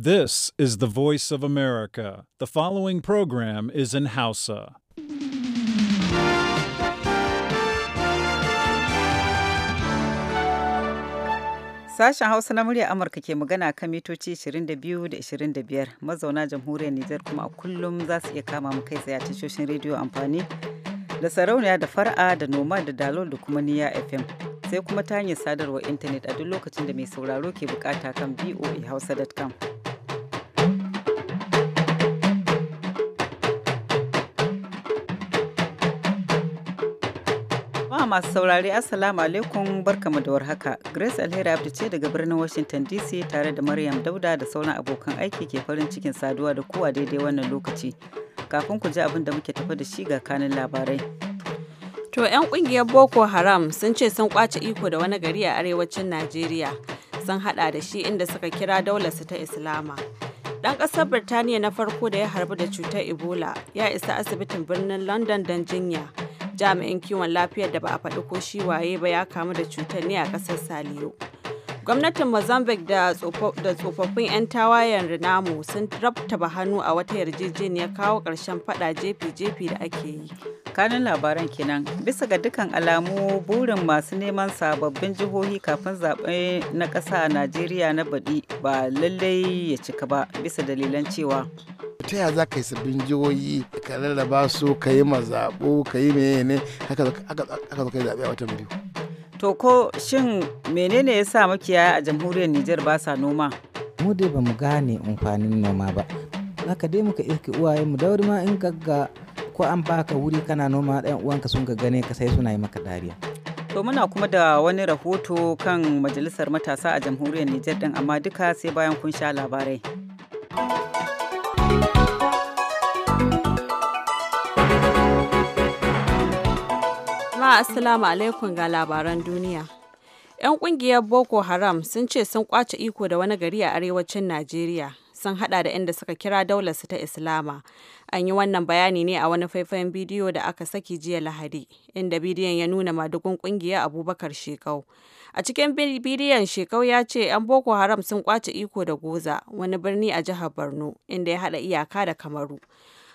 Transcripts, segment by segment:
This is the voice of America. The following program is in Hausa. Sashen Hausa na murya Amurka ke magana kan mitoci 22 da 25 mazauna jamhuriyar Nijar kuma a kullum za su iya kama mu kai tsaye tashoshin rediyo amfani da sarauniya da far'a da noma da dalol da kuma niya FM sai kuma ta hanyar sadarwar intanet a duk lokacin da mai sauraro ke bukata kan voahausa.com. masu saurare Assalamu alaikum barkamu da warhaka. Grace Alheri abdu ce daga birnin Washington DC tare da Maryam Dauda da sauran abokan aiki ke farin cikin saduwa da kowa daidai wannan lokaci. Kafin ku ji abin da muke tafi da shi ga kanin labarai. To 'yan kungiyar Boko Haram sun ce sun kwace iko da wani gari a arewacin Najeriya. Sun hada da shi inda suka kira daular su ta Islama. dan kasar Birtaniya na farko da ya harbu da cutar Ebola ya isa asibitin birnin London don jinya. jami'in kiwon lafiyar da ba a faɗi ko shi waye ba ya kamu da cutar ne a ƙasar saliyo Gwamnatin Mozambique da tsofaffin 'yan tawayen Renamo sun rabtaba hannu a wata yarjejeniyar kawo karshen fada jefi-jefi da ake yi. Kanin labaran kenan bisa ga dukkan alamu burin masu neman sababbin jihohi kafin zaɓe na ƙasa a Najeriya na baɗi ba lallai ya cika ba bisa dalilan cewa. ta ya za ka yi sabbin jihohi ka rarraba su ka yi mazaɓo ka yi ne haka za ka yi zaɓe a watan biyu To ko shin menene ya sa makiyaya a jamhuriyar Nijar ba sa noma? Mu dai ba mu gane amfanin noma ba. Haka dai muka mu da dauri ma in gagga ko an baka wuri kana noma ɗan uwanka sun gane ka sai suna yi maka dariya. To muna kuma da wani rahoto kan majalisar matasa a jamhuriyar Nijar din amma duka sai bayan kun sha labarai. jama'a assalamu alaikum ga labaran duniya. 'Yan kungiyar Boko Haram sun ce sun kwace iko da wani gari a arewacin Najeriya sun hada da inda suka kira su ta Islama. An yi wannan bayani ne a wani faifayen bidiyo da aka saki jiya Lahadi, inda bidiyon ya nuna madugun kungiyar Abubakar Shekau. A cikin bidiyon Shekau ya ce 'yan Boko Haram sun kwace iko da Goza, wani birni a jihar Borno, inda ya hada iyaka da Kamaru.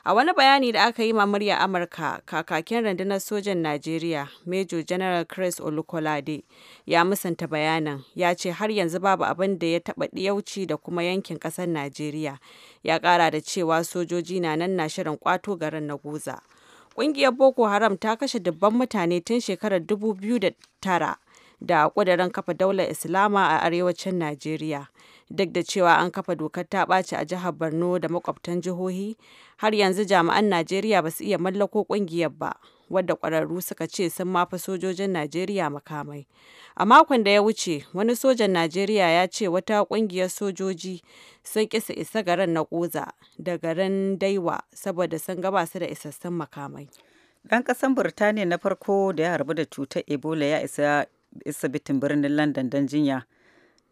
A wani bayani da aka yi ma murya Amurka, kakakin rundunar sojan Najeriya, Major General Chris Olukolade, ya musanta bayanin, ya ce har yanzu babu abin da ya taɓa yauci da kuma yankin ƙasar Najeriya. Ya ƙara da cewa sojoji na nan na shirin ƙwato garin na Goza. Ƙungiyar Boko Haram ta kashe dubban mutane tun shekarar 2009 da ƙudurin kafa daular Islama a arewacin Najeriya. duk da cewa an kafa dokar ta ɓaci a jihar borno da makwabtan jihohi har yanzu jami'an najeriya ba su iya mallako ƙungiyar ba wadda ƙwararru suka ce sun mafi sojojin najeriya makamai a makon da ya wuce wani sojan najeriya ya ce wata ƙungiyar sojoji sun kisa isa garin na ƙoza da garin daiwa saboda sun gaba su da isassun makamai ɗan ƙasan burtaniya na farko da ya harbu da cutar ebola ya isa bitin birnin london don jinya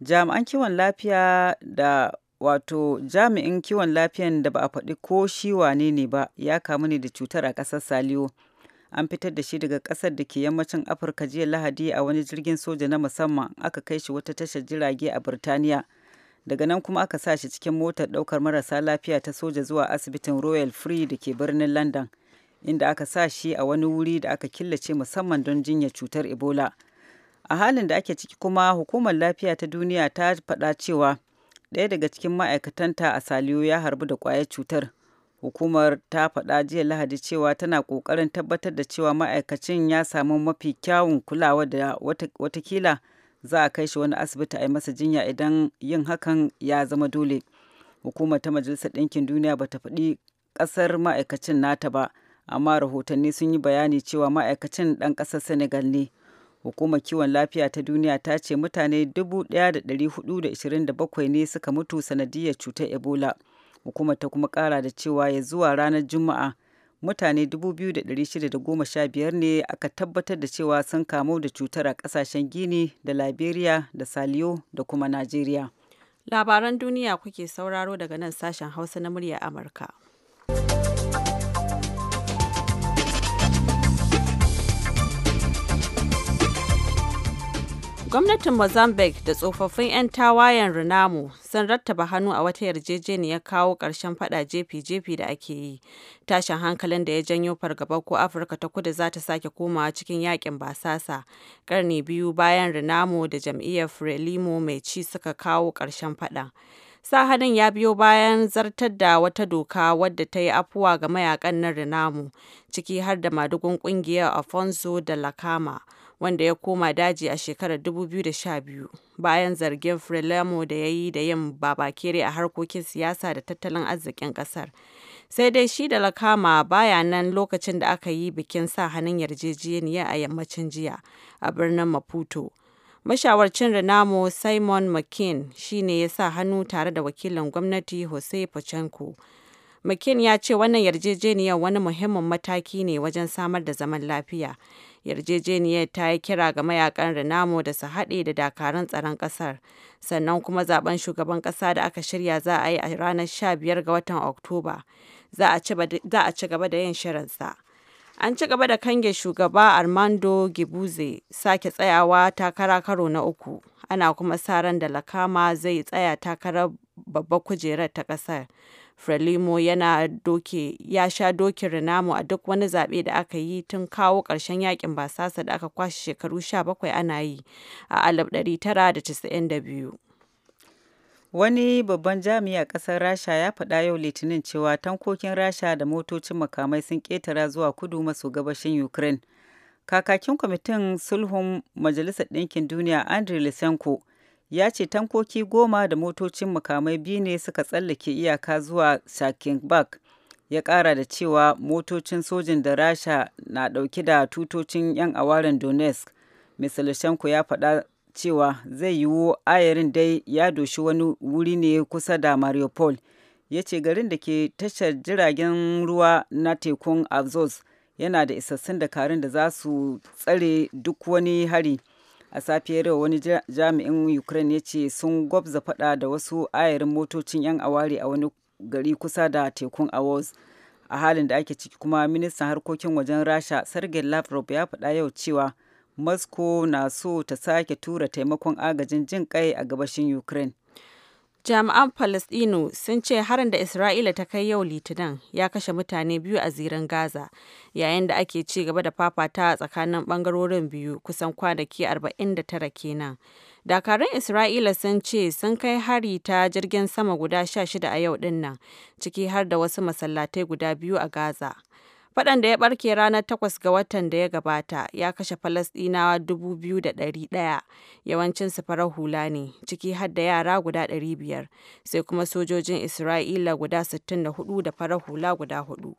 jami'an kiwon lafiya da wato jami'in kiwon lafiyan da ba a faɗi ko shi wane ne ba ya kamu ne da cutar a ƙasar saliyo an fitar da shi daga ƙasar da ke yammacin afirka jiya lahadi a wani jirgin soja na musamman aka kai shi wata tashar jirage a birtaniya daga nan kuma aka sa shi cikin motar ɗaukar marasa lafiya ta soja zuwa asibitin royal free da ke birnin london inda aka sa shi a wani wuri da aka killace musamman don jinya cutar ebola a halin da ake ciki kuma hukumar lafiya ta duniya ta faɗa cewa ɗaya daga cikin ma'aikatanta a saliyo ya harbu da ƙwayar cutar hukumar ta faɗa jiya lahadi cewa tana kokarin tabbatar da cewa ma'aikacin ya samu mafi kyawun kulawa da watakila za a kai shi wani asibiti a yi masa jinya idan yin hakan ya zama dole hukumar ta majalisar ɗinkin duniya ba ta faɗi ƙasar ma'aikacin nata ba amma rahotanni sun yi bayani cewa ma'aikacin ɗan ƙasar senegal ne Hukumar kiwon lafiya ta duniya ta ce mutane 1,427 ne suka mutu sanadiyar cutar Ebola. Hukumar ta kuma kara da cewa ya zuwa ranar Juma'a mutane 2,615 ne aka tabbatar da cewa sun kamu da cutar a kasashen Gini da Liberia da Saliyo da kuma Najeriya. Labaran duniya kuke sauraro daga nan sashen Hausa na murya Amurka. Gwamnatin Mozambique da tsofaffin 'yan tawayen Renamo sun rattaba hannu a wata yarjejeniyar kawo ƙarshen fada jefi-jefi da ake yi. Tashin hankalin da ya janyo fargaba ko Afirka ta kudu za ta sake komawa cikin yakin basasa. ƙarni biyu bayan Renamo da jam'iyyar Frelimo mai ci suka kawo ƙarshen sa sahanin ya biyo bayan zartar da wata doka wadda ta yi afuwa ga mayakan na Renamo, ciki har da madugun kungiyar Afonso da Lakama. wanda ya koma daji a shekarar 2012 bayan zargin Frelimo da ya yi da yin babakere a harkokin siyasa da tattalin arzikin kasar. Sai dai shi da lakama baya nan lokacin da aka yi bikin sa hannun yarjejeniya a yammacin jiya a birnin Maputo. Mashawarcin Renamo Simon McCain shi ne ya sa hannu tare da wakilin gwamnati Jose Pachenko. McCain ya ce wannan yarjejeniyar wani muhimmin mataki ne wajen samar da zaman lafiya. yarjejeniyar ta yi kira ga mayakan rinamo da su haɗe da dakarun tsaron ƙasar sannan kuma zaben shugaban ƙasa da aka shirya za a yi a ranar 15 ga watan oktoba za a ci gaba da yin shirinsa an ci gaba da kange shugaba armando gibuze sake tsayawa takara karo na uku ana kuma sa ran da lakama zai tsaya takarar babbar kujerar ta ƙasar Frelimo yana doke ya sha dokin Renamo a duk wani zaɓe da aka yi tun kawo ƙarshen yakin basasa da aka kwashe shekaru 17 ana yi a 1992. Wani babban jami'a ƙasar Rasha ya faɗa yau Litinin cewa tankokin Rasha da motocin makamai sun ƙetara zuwa kudu maso gabashin Ukraine. Kakakin kwamitin sulhun Majalisar Ɗinkin Duniya Andriy Lysenko ya ce tankoki goma da motocin mukamai biyu ne suka tsallake iyaka zuwa Shakingbak. Ya kara da cewa motocin sojin da Rasha na ɗauke da tutocin 'yan awarin Donetsk. Mr. Lushenko ya faɗa cewa zai yiwu ayarin dai ya doshi wani wuri ne kusa da Mariupol. Ya ce garin da ke tashar jiragen ruwa na tekun Azov yana da isassun dakarun da za su tsare duk wani hari. a safiyar yau wani jami'in ukraine ya ce sun gwabza fada da wasu ayarin motocin 'yan awari a wani gari kusa da tekun Awos. a halin da ake ciki kuma ministan harkokin wajen rasha sergei lavrov ya faɗa yau cewa moscow na so ta sake tura taimakon agajin jin kai a gabashin ukraine Jami'an Falasɗinu sun ce harin da Isra'ila ta kai yau Litinin ya kashe mutane biyu a zirin Gaza, yayin da ake ci gaba da fafata a tsakanin ɓangarorin biyu kusan kwanaki 49 kenan. Dakarun Isra'ila sun ce sun kai hari ta jirgin sama guda 16 a yau dinnan, ciki har da wasu masallatai guda biyu a Gaza. Faɗan da ya ɓarke ranar 8 ga watan da ya gabata ya kashe Falasɗinawa 2,100, yawancinsu farar hula ne, ciki har yara guda 500, sai kuma sojojin Isra'ila guda 64 da farar hula guda hudu.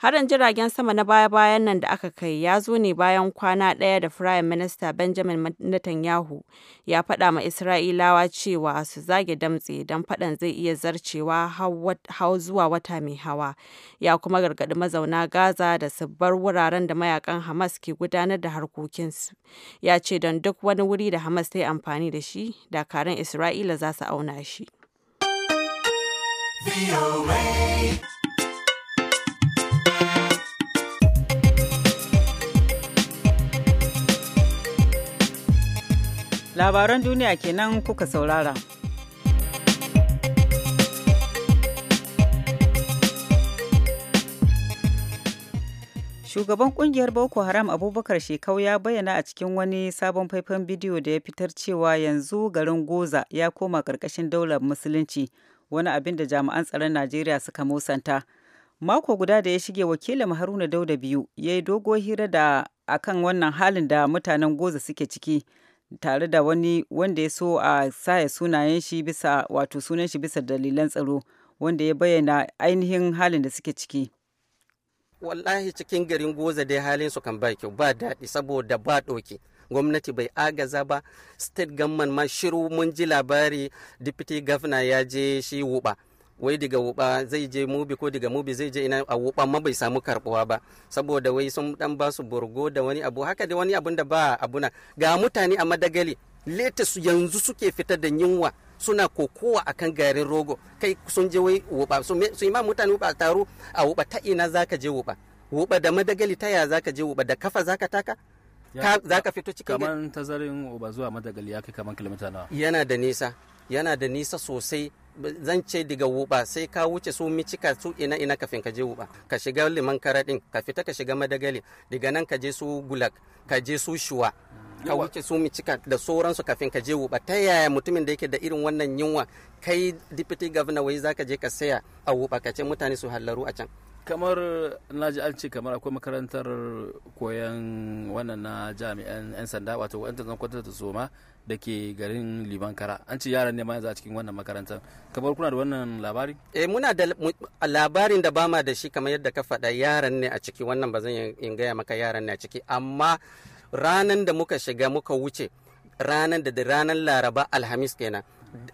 Harin jiragen sama na baya-bayan nan da aka kai ya zo ne bayan kwana ɗaya da Firayim Minista Benjamin Netanyahu ya faɗa ma Isra'ilawa cewa su zage damtse don faɗan zai iya zarcewa hau zuwa wata mai hawa. Ya kuma gargaɗi mazauna Gaza da su bar wuraren da mayakan Hamas ke gudanar da harkokinsu. Ya ce don duk wani wuri da Hamas ta yi amfani da shi, dakarun Isra'ila za su auna shi. labaran duniya kenan kuka saurara. Shugaban kungiyar Boko Haram Abubakar Shekau ya bayyana a cikin wani sabon faifan bidiyo da ya fitar cewa yanzu garin Goza ya koma ƙarƙashin daular Musulunci, wani abin da jami'an tsaron Najeriya suka musanta. Mako guda da ya shige wakilin Haruna Dauda biyu ya yi dogo hira da akan wannan halin da mutanen Goza suke ciki. tare da wani wanda ya so a saya sunayen shi bisa wato sunan shi bisa dalilan tsaro wanda ya bayyana ainihin halin da suke ciki wallahi cikin garin goza dai halin su kan ba kyau ba daɗi saboda ba ɗauke gwamnati bai agaza ba state government ma shiru mun ji labari deputy governor ya je shi wuɓa wai daga wuba zai je mubi ko daga mubi zai je ina a wuba ma bai samu karbuwa ba saboda wai sun dan ba su burgo da wani abu haka da wani abun da ba abuna ga mutane a madagali leta yanzu suke fitar da yunwa suna kokowa akan garin rogo kai sun je wai wuba su yi ma mutane wuba taro a wuba ta ina zaka je wuba wuba da madagali ta ya zaka je wuba da kafa zaka taka za ka fito cikin kaman tazarin wuba zuwa madagali ya kai kaman kilomita nawa yana da nisa yana da nisa sosai zan ce daga wuba sai ka wuce su micika su ina ina kafin ka je wuba ka shiga liman karadin ka fita ka shiga madagali daga nan ka je su gulak ka je su shuwa ka wuce su micika da sauransu kafin ka je wuba ta yaya mutumin da yake da irin wannan yunwa kai deputy governor wai zaka je ka saya a wuba ka ce mutane su hallaru a can kamar na ji an ce kamar akwai makarantar koyan wannan na jami'an 'yan sanda wato wa'yan zan kwatar da soma da ke garin liban kara an ce yaran ne ma yanzu a cikin wannan makarantar kamar kuna da wannan labari eh muna da labarin da bama da shi kamar yadda ka faɗa yaran ne a ciki wannan ba zan in gaya maka yaran ne a ciki amma ranan da muka shiga muka wuce ranan da ranan laraba alhamis kenan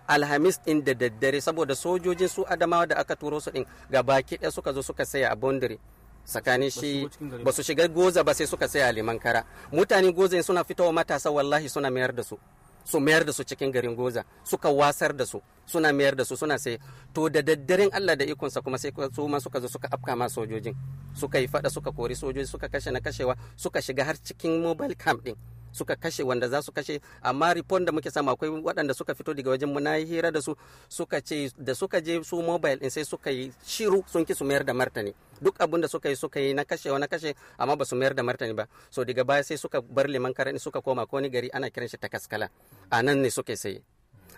alhamis din da daddare saboda sojojin su adamawa da aka turo su din ga baki ɗaya suka zo suka saya a boundary tsakanin shi ba su shiga goza ba sai suka saya a liman kara mutanen goza suna fitowa matasa wallahi suna mayar da su su mayar da su cikin garin goza suka wasar da su suna mayar da su suna sai to da daddaren Allah da ikonsa kuma sai su ma suka zo suka afka ma sojojin suka yi fada suka kori sojoji suka kashe na kashewa suka shiga har cikin mobile camp din suka kashe wanda za su kashe amma report da muke samu akwai waɗanda suka fito daga wajen mu na yi hira da su suka ce da suka je su mobile din sai suka yi shiru sun ki su mayar da martani duk abin da suka yi suka yi na kashe na kashe amma ba su mayar da martani ba so daga baya sai suka bar liman karani suka koma ko ni gari ana kiran shi takaskala a nan ne suke sai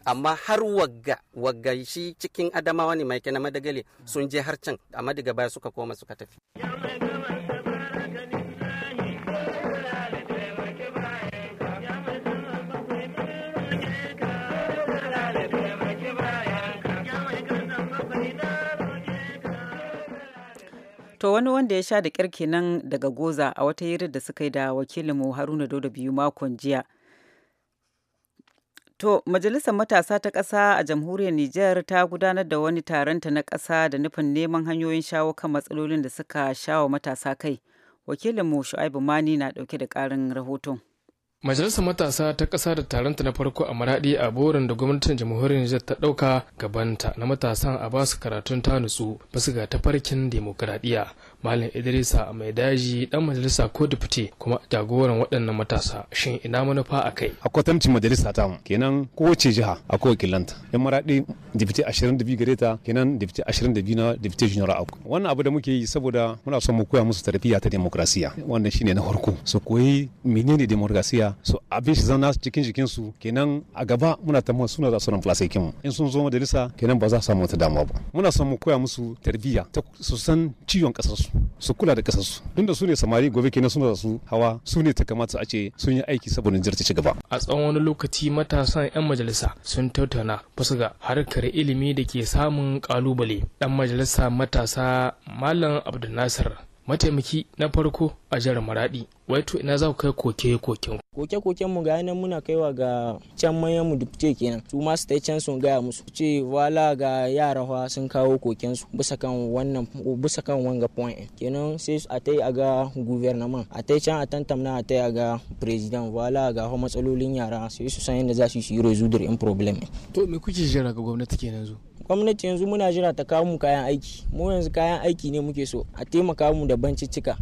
amma har wagga wagga shi cikin adamawa ne mai kina madagali sun je har can amma daga baya suka koma suka tafi To wani wanda ya sha da kyar nan daga goza a wata hirar da suka yi da wakilinmu Haruna Dodo biyu makon jiya. To, Majalisar Matasa ta Ƙasa a Jamhuriyar Nijar ta gudanar da wani taronta na ƙasa da nufin neman hanyoyin shawo kan matsalolin da suka shawo matasa kai. Wakilinmu Shu'aibu Mani na ɗauke da ƙarin rahoton. Majalisar Matasa ta ƙasa da taronta na farko a maraɗi a borin da gwamnatin jamhuriyar Nijar ta ɗauka gabanta na matasan a basu karatun ta nutsu basu ga tafarkin demokuraɗiyya malam idrisa mai daji dan majalisa ko dufte kuma jagoran waɗannan matasa shin ina manufa a kai a kwatancin majalisa ta kenan kowace jiha a kowace kilanta yan maraɗi dufte 22 gare ta kenan dufte 22 na dufte junior a wannan abu da muke yi saboda muna son mu koya musu tarbiyya ta demokrasiya wannan shine na farko su koyi menene demokrasiya su abin shi zauna cikin jikinsu kenan a gaba muna tamma suna za su ran flasaikin mu in sun zo majalisa kenan ba za su samu wata damuwa ba muna son mu koya musu tarbiyya su san ciwon ƙasarsu su kula da kasarsu da su ne samari gobe kenan suna da su hawa su ne ta kamata a ce sun yi aiki saboda jirta ta ci gaba a tsawon wani lokaci matasan yan majalisa sun tattauna basu ga harkar ilimi da ke samun kalubale dan majalisa matasa malam abdulnasir mataimaki na farko a jihar maradi wato ina za ku kai koke koken koke-koken mu ga muna kaiwa ga can manyan mu dubce kenan su ma su tai can sun gaya musu ce wala ga yara fa sun kawo koken su bisa kan wannan bisa kan wanga point kenan sai a tai a ga gouvernement a tai can a tantamna a tai a ga president wala ga matsalolin yara sai su san yadda za su yi rezudur in problem to me kuke jira ga gwamnati kenan zo gwamnati yanzu muna jira ta kawo mu kayan aiki mu yanzu kayan aiki ne muke so a taimaka mu da bancicika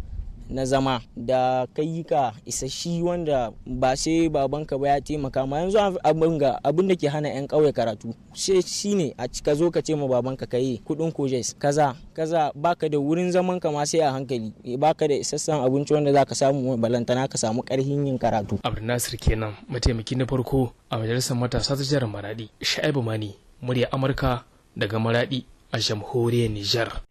na zama da kayyuka isasshi wanda ba sai babanka ba ya taimaka ma yanzu abin da ke hana 'yan ƙauye karatu sai shine a ka zo ka ce ma babanka ka yi kudin kojes kaza kaza baka da wurin zaman ka ma sai a hankali eh, baka da isassan abinci wanda za ka samu balantana ka samu karhin yin karatu nasir kenan mataimaki na farko a majalisar matasa ta jihar maradi sha'ibu mani murya amurka daga maradi a jamhuriyar nijar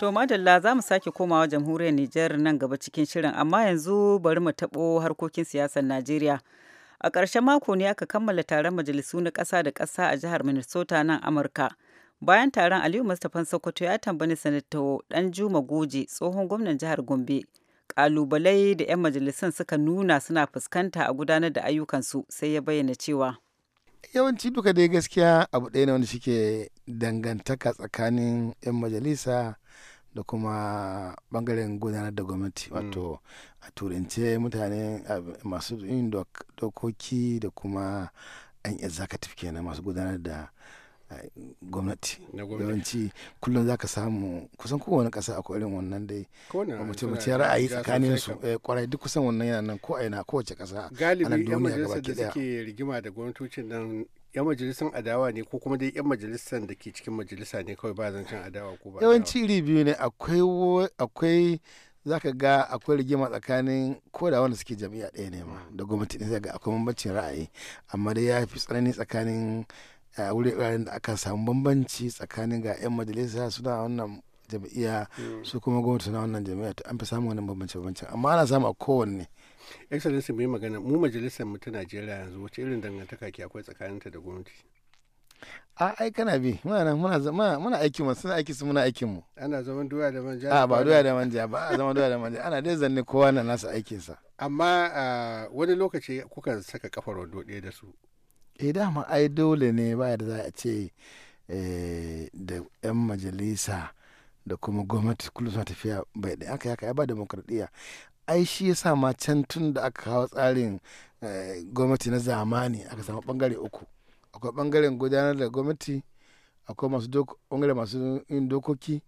To madalla za mu sake komawa jamhuriyar Nijar nan gaba cikin shirin amma yanzu bari mu taɓo harkokin siyasar Najeriya. A ƙarshen mako ne aka kammala taron majalisu na ƙasa da ƙasa a jihar Minnesota nan Amurka. Bayan taron Aliyu Mustapha Sokoto ya tambayi Sanata juma Goje tsohon gwamnan jihar Gombe. Ƙalubalai da 'yan majalisun suka nuna suna fuskanta a gudanar da ayyukan su sai ya bayyana cewa. Yawanci duka dai gaskiya abu ɗaya ne wanda shike dangantaka tsakanin 'yan majalisa da kuma bangaren gudanar da gwamnati mm. wato a turance mutane masu yin dokoki da kuma an executive kenan masu gudanar da gwamnati yawanci kullum za ka samu kusan kowane ƙasa a irin wannan dai mace mace ra'ayi tsakanin su kwarai eh, duk kusan wannan yana nan ko aina kowace ƙasa galibi yan majalisa da suke rigima da gwamnatocin nan 'yan majalisan adawa ne ko kuma dai 'yan majalisan da ke cikin majalisa ne kawai ba zancen adawa ko ba yawanci iri biyu ne akwai za ka ga akwai rigima tsakanin ko da wanda suke jami'a ɗaya ne ma da gwamnati ne ga akwai bambancin ra'ayi amma dai ya fi tsanani tsakanin wuraren da aka samu bambanci tsakanin ga 'yan majalisa suna wannan jami'a hmm. su kuma gwamnati suna wannan jami'a to an fi samun wannan bambancin bambancin amma ana samu a kowanne excellency mai magana mu majalisar mu ta najeriya yanzu wace irin dangantaka ke akwai tsakaninta da gwamnati a ai kana bi muna muna muna aikin mu suna aiki su muna aikin mu ana zaman doya da manja a ba doya da manja ba a zaman doya da manja ana dai zanne kowa na nasa aikin sa amma wani lokaci kuka saka kafar wando ɗaya da su eh dama ai dole ne ba da za a ce eh, da yan majalisa da kuma gwamnati kullum suna tafiya bai da aka yaka ya ba demokradiyya ai shi ya sa can tun da aka kawo tsarin eh, gwamnati na zamani aka samu bangare uku akwai bangaren gudanar da gwamnati akwai masu bangare masu yin dokoki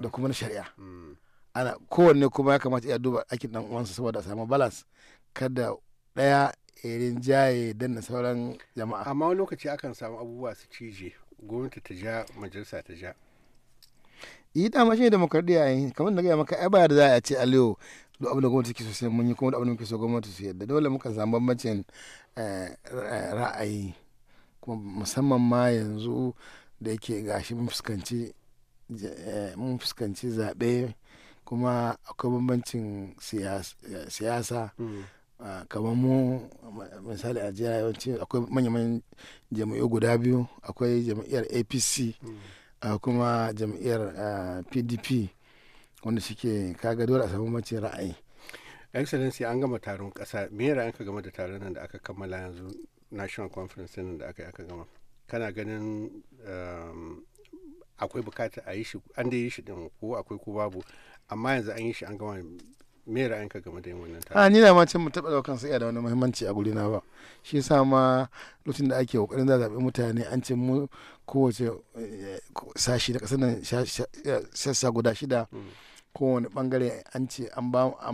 da kuma na shari'a mm. ana kowanne kuma ya kamata ya duba aikin dan uwansa saboda a samu balas kada daya irin jaye na sauran jama'a amma wani lokaci akan samu abubuwa su cije gwamnati ta ja majalisa ta ja yi dama shi demokradiyya yi kamar da gaya maka ai ba da za a ce aliyu duk abin da gwamnati ke so sai mun yi kuma duk abin da muke so gwamnati su yadda dole muka samu bambancin eh, eh, ra'ayi kuma musamman ma yanzu da yake gashi mun fuskanci eh, mun fuskanci zaɓe kuma akwai bambancin siyasa hmm. kamar mu misali a jiya yawanci akwai manya manyan jam'iyyu guda biyu akwai jam'iyyar apc hmm. kuma jam'iyyar pdp wanda shike kaga dole a samu mace ra'ayi excellency an gama taron kasa me ra'ayinka game da taron nan da aka kammala yanzu national conference nan da aka aka gama kana ganin um, akwai bukata a yi shi an da yi shi din ko akwai ko babu amma yanzu an yi shi an gama me ra'ayinka game da yin wannan taron a ni da ma cin mu taɓa daukan sai da wani muhimmanci a guri na ba shi yasa ma lokacin da ake kokarin za zabe mutane an ce mu kowace eh, sashi da kasar nan sassa guda shida mm. kowane bangare an ce an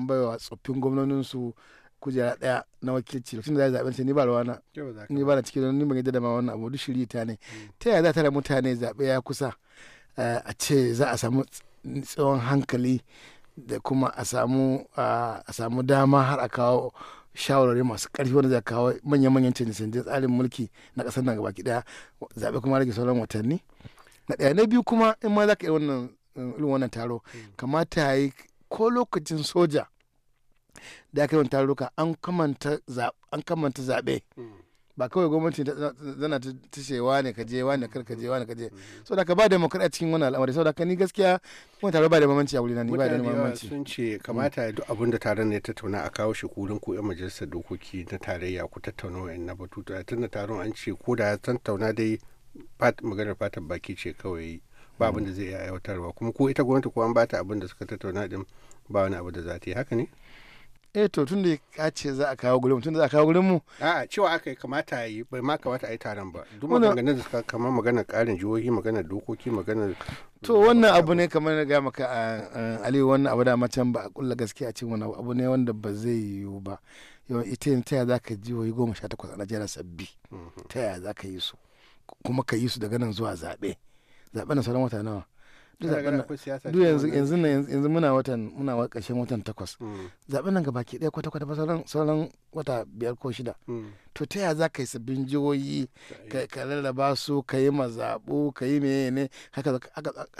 baiwa tsoffin gwamnoninsu kujera daya na wakilci lokacin da za a zaɓen ni ba rawana ni ba na cikin ni ban yadda da ma wannan abu duk shiri ta ne hmm. ta yaya za ta da mutane zaɓe ya kusa eh, a ce za a samu tsawon hankali da kuma a samu ah, a samu dama har a kawo shawarwari masu ƙarfi wanda za kawo manya-manyan canje-canje tsarin mulki na ƙasar nan gabaki daya zaɓe kuma rage sauran watanni na ɗaya na biyu kuma in ma za ka yi wannan irin wannan taro mm. kamata ya yi ko lokacin soja da aka yi wani ka an kamanta zaɓe mm. ba kawai gwamnati zana ta ce wa ka je wa kar ka je wa ka je mm-hmm. so da ka ba a cikin wannan al'amari so da ka ni gaskiya kuma taro ba da mamanci a na ni ba da mamanci sun ce kamata mm. duk abin da taron ne tattauna a kawo shi kurin ko yan majalisar dokoki na tarayya ku tattauna batutu batutuwa tunda taron an ce ko da tattauna dai maganar fatan baki ce kawai ba abin da zai iya aiwatarwa kuma ko ita gwamnati ko an ba ta abin da suka tattauna din ba wani abu da za ta yi haka ne eh to tun da ka ce za a kawo gurin tun da za a kawo gurin mu a cewa aka kamata yi bai ma kamata a yi taron ba duk maganganun da suka kama magana karin jihohi magana dokoki magana to wannan abu ne kamar na ga maka aliyu wannan abu da macen ba a kulla gaskiya a cikin wani abu ne wanda ba zai yiwu ba yawan ita yin taya za ka jihohi goma sha takwas a najeriya sabbi mhm. taya za ka yi su kuma ka yi su daga nan zuwa zaɓe na sauran wata nawa duk yanzu yanzu yanzu muna watan muna ƙarshen watan takwas mm. zaɓe nan gaba ke ɗaya kwata kwata sauran sauran wata biyar ko shida mm. to ta yaya za ka yi sabbin jihohi ka rarraba su ka yi mazaɓu ka yi me ne haka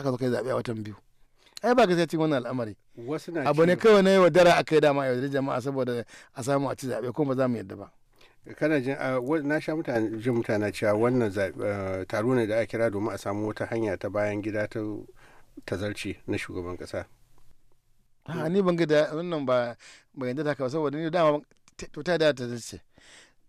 zo ka yi zaɓe a watan biyu ai ba gaskiya cikin wannan al'amari abu ne kawai na yi wa dara aka yi dama a yaudar jama'a saboda a samu a ci zaɓe ko ba za mu yadda ba kana jin na sha mutane jin mutane cewa wannan taro ne da aka kira domin a samu wata hanya ta bayan gida ta tazarci na shugaban kasa a ni ban gida wannan ba bai yadda haka saboda ni dama to ta da tazarci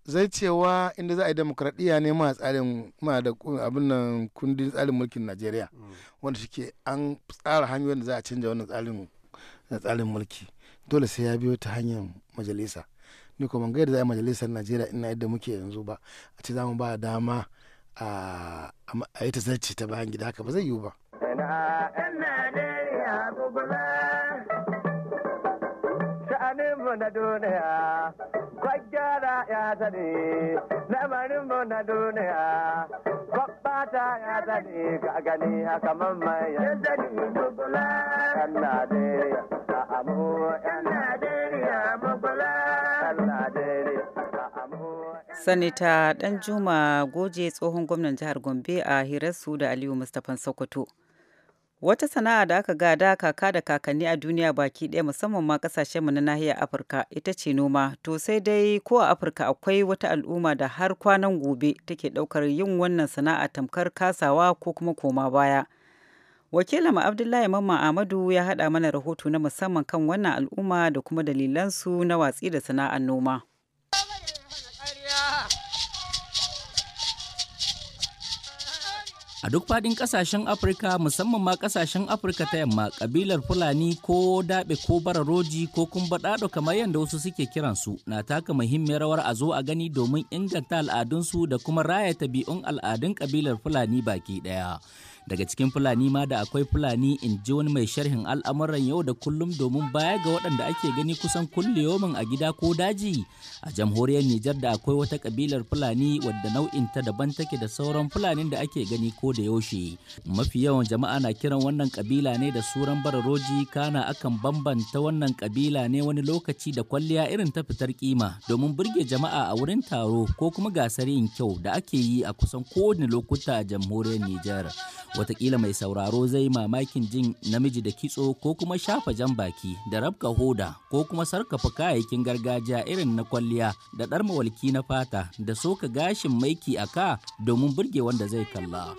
zai cewa inda za a yi demokradiyya ne ma tsarin ma da abin nan kundin tsarin mulkin Najeriya mm. wanda shike an tsara hanyoyin da za a canja wannan tsarin tsarin mulki dole sai ya biyo ta hanyar majalisa ni kuma ga yadda za a majalisar najeriya ina yadda muke yanzu ba a ce za mu ba dama a yi ta zarce ta bayan gida haka ba zai yiwu ba. Allah duniya ya amu, Allah na ya zane Sanita Danjuma Goje tsohon gwamnan jihar Gombe a hirarsu da Aliyu Mustapha Sokoto. Wata sana'a da aka gada kaka da kakanni a duniya baki ɗaya musamman ma ƙasashen mu na nahiyar Afirka ita ce noma. To sai dai ko a Afirka akwai wata al'umma da har kwanan gobe take ɗaukar yin wannan sana'a tamkar kasawa ko kuma koma baya. ma Abdullahi mamma Ahmadu ya haɗa mana rahoto na musamman kan wannan al'umma da kuma dalilansu na watsi da sana'ar noma. A duk faɗin ƙasashen Afirka musamman ma ƙasashen Afirka ta yamma ƙabilar Fulani ko daɓe ko bararoji ko kuma kumbaɗaɗo kamar yadda wasu suke kiransu na taka muhimmiyar rawar a zo a gani domin inganta al'adunsu da kuma raya tabi'un al'adun ƙabilar Fulani baki ɗaya. daga cikin fulani ma da akwai fulani in ji wani mai sharhin al'amuran yau da kullum domin baya ga waɗanda ake gani kusan kulliyomin a gida ko daji a jamhuriyar nijar da akwai wata kabilar fulani wadda nau'in ta daban take da sauran fulanin da ake gani ko da yaushe mafi yawan jama'a na kiran wannan kabila ne da suran bararoji kana akan bambanta wannan kabila ne wani lokaci da kwalliya irin ta fitar kima domin burge jama'a a wurin taro ko kuma gasar yin kyau da ake yi a kusan kowane lokuta a jamhuriyar nijar watakila mai sauraro zai mamakin jin namiji da kitso ko kuma shafa jan baki da rabka hoda ko kuma sarkafa kayayyakin gargajiya irin na kwalliya da ɗar mawalki na fata da soka gashin maiki a ka domin burge wanda zai kalla.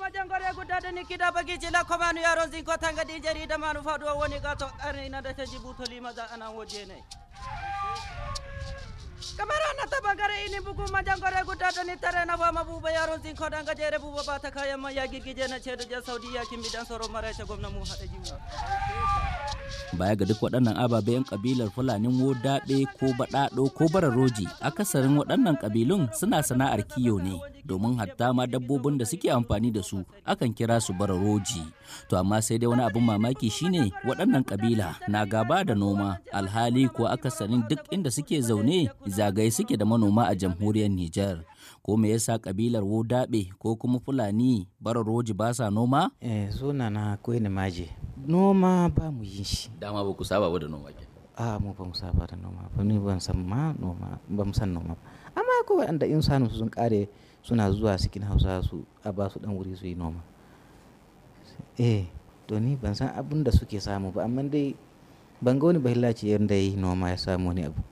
kamarana tabagare ini buku majang gore da ni tarena wa mabuba ya rozin kodanga jere buba bata kaya ma ya girgije na Saudi ja saudiya dan soro mara ta gwamna mu hada jiwa baya ga duk waɗannan ababe 'yan kabilar fulanin daɓe ko baɗaɗo ko bararoji akasarin waɗannan kabilun suna sana'ar kiyo ne domin hatta ma dabbobin da suke amfani da su akan kira su bararoji to amma sai dai wani abin mamaki shine waɗannan kabila na gaba da noma alhali ko akasarin duk inda suke zaune zagaye suke da manoma a jamhuriyar Nijar. Ko me yasa kabilar Wodaɓe ko kuma Fulani roji ba sa noma? Eh, suna na koyi maje. Noma ba mu yin shi. Dama ba ku saba da noma ke. A mu ba mu saba da noma ba ni ban san ma noma ba mu san noma. Amma ko wanda in sanu sun kare suna zuwa cikin Hausa su a ba su dan wuri su yi noma. Eh, to ni ban san abin da suke samu ba amma dai ban ga wani bahillaci yadda ya yi noma ya samu wani abu.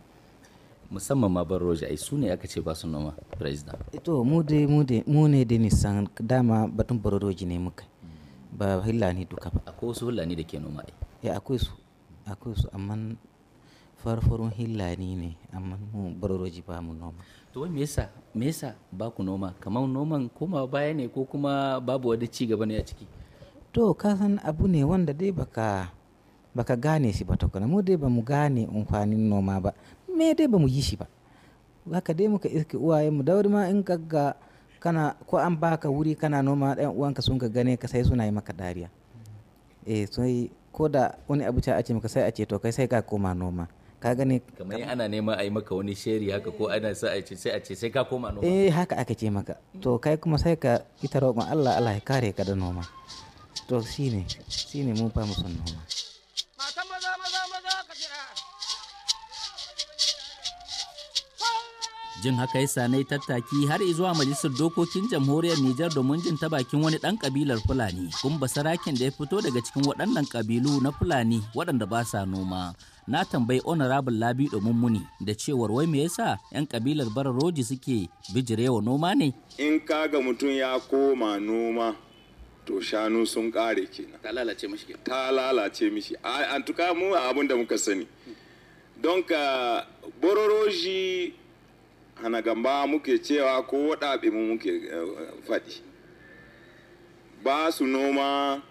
musamman ma ban roja ai su ne aka ce ba su noma president to mu dai mu ne da san dama batun baroroji ne muka hmm. ba hillani duka ba akwai wasu hillani da ke noma ai ya akwai su akwai su amma farfarun hillani ne amma mu baroroji ba mu noma to wai me yasa me yasa ba ku noma kamar noman koma baya ne ko kuma babu wani ci gaba ne a ciki to ka san abu ne wanda dai baka baka gane shi ba tukuna mu dai ba mu gane amfanin noma ba me dai ba mu yi shi ba haka dai muka iske uwaye mu wuri ma in kaga kana ko an baka wuri kana noma ɗan uwanka sun ka gane ka sai suna yi maka dariya eh sai ko da wani abu ta ace maka sai a ce to kai sai ka koma noma ka gane kamar ana nema a yi maka wani sheri haka ko ana sa a ce sai a ce sai ka koma noma eh haka aka ce maka to kai kuma sai ka ita roƙon Allah Allah ya kare ka da noma to shine shine mun fa mu noma jin haka ya sanai tattaki har zuwa majalisar dokokin jamhuriyar Nijar domin jin ta bakin wani ɗan ƙabilar Fulani, kuma sarakin da ya fito daga cikin waɗannan ƙabilu na Fulani waɗanda ba sa noma. Na tambayi Honorable Labi domin muni da cewar wai me yasa 'yan ƙabilar Bararoji suke bijirewa noma ne? In kaga mutum ya koma noma to shanu sun ƙare kenan. Ta lalace mishi Ta lalace mishi. An tuka mu abin da muka sani. Don ka bororoji hana gamba muke cewa ko waɗaɓe mu muke eh, faɗi ba su noma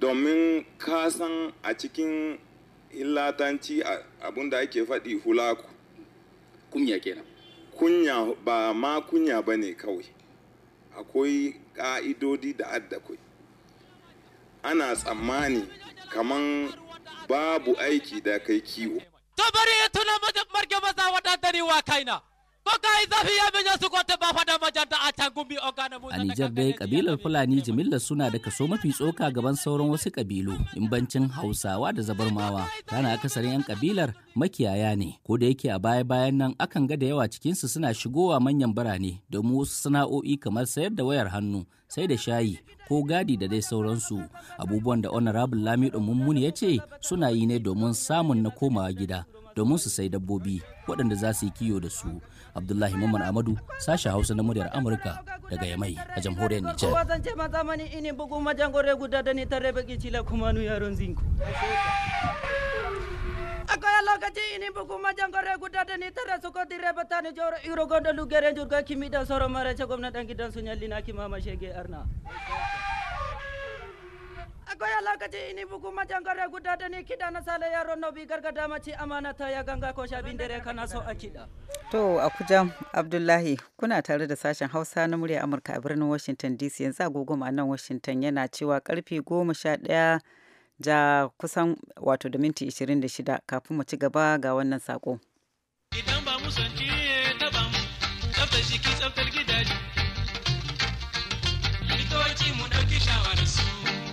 domin kasan a cikin illatanci abinda ake faɗi hulaku kunya kenan kunya ba ma kunya ba ne kawai akwai ƙa'idodi da kai ana tsammani kaman babu aiki da kai kiwo قبري يتنا مرقمزا ودادني واكاينا A Nijar dai kabilar Fulani jimilla suna da kaso mafi tsoka gaban sauran wasu kabilu, in bancin Hausawa da Zabarmawa. Kana akasarin 'yan kabilar makiyaya ne, ko da yake a baya-bayan nan akan ga da yawa cikinsu suna shigowa manyan birane domin wasu sana'o'i kamar sayar da wayar hannu, sai da shayi ko gadi da dai sauransu. Abubuwan da Honorable Lamido Mummuni ya ce suna yi ne domin samun na komawa gida. domin su sai dabbobi waɗanda za su yi kiyo da su Abdullahi Muhammad Amadu sashen Hausa na muryar Amurka daga Yamai a jamhuriyar Nijar. Kowa zan ce akoya lokaci ini bugu majang kore guda da ni dan itu resuko direba tani jor irogondo lugere jurga kimi da soro mara ce gwamnatin dan gidan sunya lina kimama shege arna. akwai alakaci ini buguma jangare guda da ni kiɗa na sale yaro no gargada mace amana ta ya ganga ko shabin dare kana so a kiɗa. To a kujan Abdullahi kuna tare da sashen Hausa na murya Amurka a birnin Washington DC yanzu agogo a nan Washington yana cewa karfe goma sha daya ja kusan wato da minti 26 kafin mu ci gaba ga wannan sako. Idan ba mu sanci ta ba mu tsaftar ki tsaftar gidaje. Likitoci mu ɗauki shawararsu.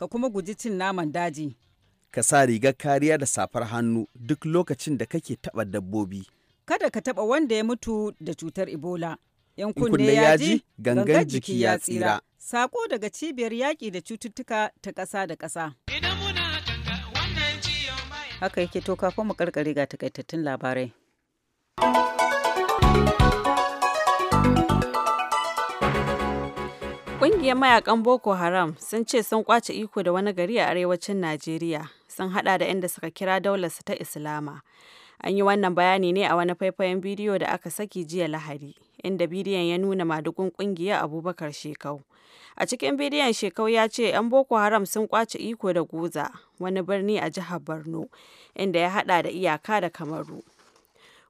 ka kuma guji cin naman daji. Ka sa rigar kariya da safar hannu duk lokacin da kake taɓa dabbobi. Kada ka taɓa wanda ya mutu da cutar Ebola. ‘Yan kunne ya ji, gangan jiki ya tsira. Sako daga cibiyar yaƙi da cututtuka ta ƙasa da ƙasa. Haka yake to kafin mu ƙarƙare ga takaitattun labarai. Ƙungiyar mayakan Boko Haram sun ce sun kwace iko da wani gari a arewacin Najeriya, sun hada da inda suka kira daularsu ta Islama. An yi wannan bayani ne a wani faifayen bidiyo da aka saki jiya Lahadi, inda bidiyon ya nuna madugun kungiyar Abubakar Shekau. A cikin bidiyon Shekau ya ce 'yan Boko Haram sun kwace iko da guza wani birni a jihar Borno, inda ya hada da iyaka da Kamaru.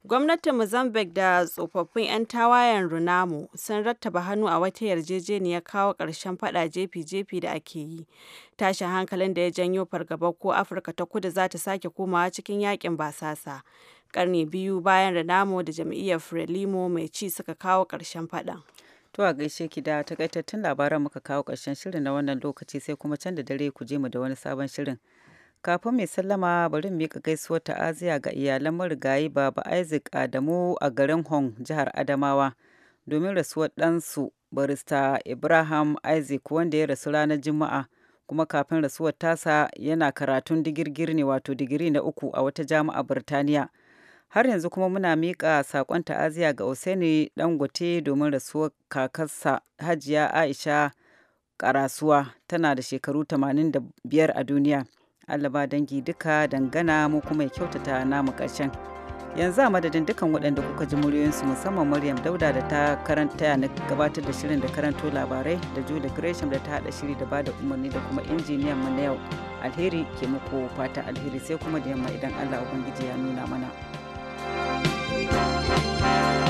Gwamnatin Mozambique da tsofaffin 'yan tawayen Renamo sun rattaba hannu a wata yarjejeniyar kawo ƙarshen fada jefi-jefi da ake yi. Tashin hankalin da ya janyo fargabar ko Afirka ta kudu za ta sake komawa cikin yakin basasa. Karni biyu bayan Renamo da jam'iyyar Frelimo mai ci suka kawo ƙarshen fadan. To a gaishe ki da takaitattun labaran muka kawo ƙarshen shirin na wannan lokaci sai kuma can da dare ku je mu da wani sabon shirin. Kafin mai sallama bari miƙa gaisuwar ta'aziya ga iyalan marigayi Baba Isaac Adamu a garin Hong, jihar Adamawa, domin rasuwar ɗansu barista Ibrahim Isaac wanda ya rasu ranar Juma'a. kuma kafin rasuwar tasa yana karatun digirgir ne wato digiri na uku a wata jami'a Birtaniya. Har yanzu kuma muna miƙa saƙon ta'aziya ga Usaini Dangote domin rasuwar kakarsa Hajiya Aisha Karasuwa tana da shekaru 85 a duniya. Allah ba dangi duka dangana mu kuma ya kyautata namu ƙarshen. Yanzu a madadin dukan waɗanda kuka ji muryoyinsu musamman Maryam Dauda da ta karanta na gabatar da shirin da karanto labarai da Julie Gresham da ta haɗa shiri da ba da umarni da kuma injiniyan mu na yau. Alheri ke muku fata alheri sai kuma da yamma idan Allah Ubangiji ya nuna mana. thank you